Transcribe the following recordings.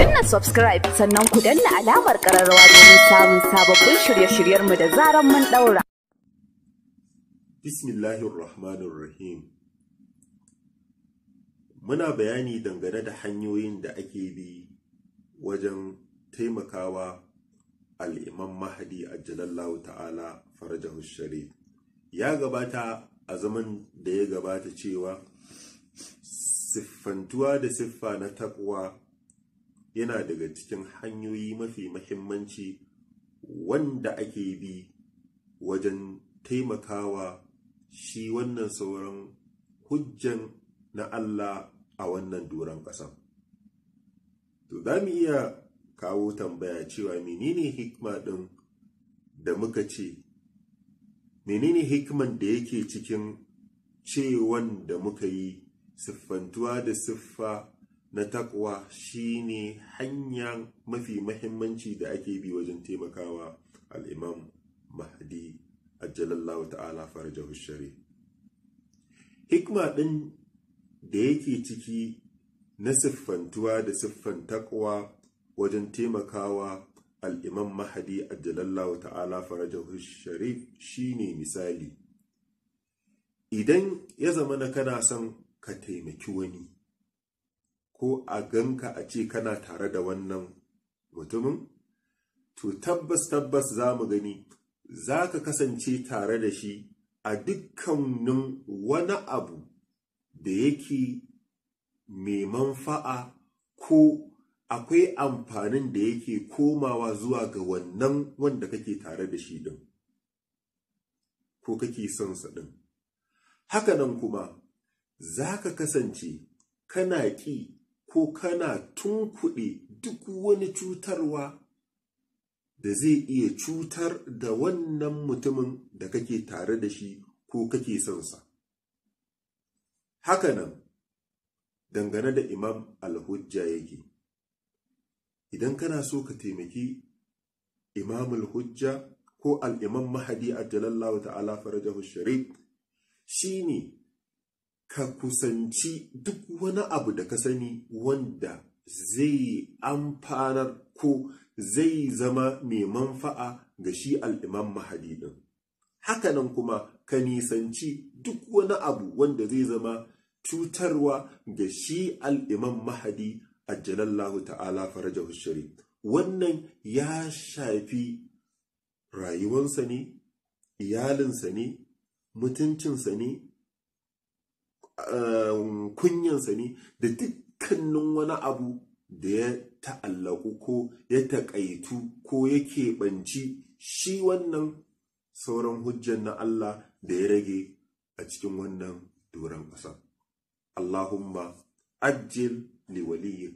danna subscribe sannan ku danna alamar kararrawa domin samun sababbin shirye-shiryenmu da zaran mun daura. Bismillahirrahmanirrahim. Muna bayani dangane da hanyoyin da ake bi wajen taimakawa al'imam Mahadi a Jalallahu ta'ala farajahu sharif. Ya gabata a zaman da ya gabata cewa siffantuwa da siffa na takwa yana daga cikin hanyoyi mafi mahimmanci wanda ake bi wajen taimakawa shi wannan sauran hujjan na Allah a wannan doron ƙasan. To za mu iya kawo tambaya cewa menene hikma ɗin da muka ce, menene hikman da yake cikin cewan da muka yi siffantuwa da siffa na takwa shine hanya mafi mahimmanci da ake bi wajen taimakawa al'imam a jalallawa ta'ala farajahu shari hikma ɗin da yake ciki na siffantuwa da siffan takwa wajen taimakawa al'imam mahadi jalallawa ta'ala farajahu sharif shine misali idan ya zama na kana son ka taimaki wani ko a ganka a ce kana tare da wannan mutumin to tabbas tabbas za mu gani za ka kasance tare da shi a dukkanin wani abu da yake mai manfa'a ko akwai amfanin da yake komawa zuwa ga wannan wanda kake tare da shi din ko kake son sa din hakanan kuma za ka kasance kana ƙi ko kana tunkuɗe duk wani cutarwa da zai iya cutar da wannan mutumin da kake tare da shi ko kake sonsa. Hakanan, dangane da Imam Al-Hujja yake, idan kana so ka taimaki Imam Al-Hujja ko Al'imam Mahadi a Jalallahu ta'ala farajahu sharif shi ne ka kusanci duk wani abu da ka sani wanda zai amfanar ko zai zama mai manfa'a ga shi al'iman mahadi ɗin. Hakanan kuma ka nisanci duk wani abu wanda zai zama cutarwa ga shi al'iman mahadi a jalallahu ta'ala farajahu shari. Wannan ya shafi rayuwansa ne, iyalinsa ne, mutuncinsa ne, Um, kunyansa ne da dukkanin wani abu da ya ta'allaku ko ya taƙaitu ko ya keɓanci shi wannan sauran hujjan na Allah da ya rage a cikin wannan doron ƙasa. Allahumma ajil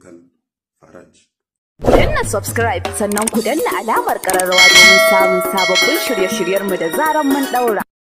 kan faraj. Danna subscribe sannan ku danna alamar ƙararrawa domin samun sababbin shirye-shiryenmu da zaran mun ɗaura.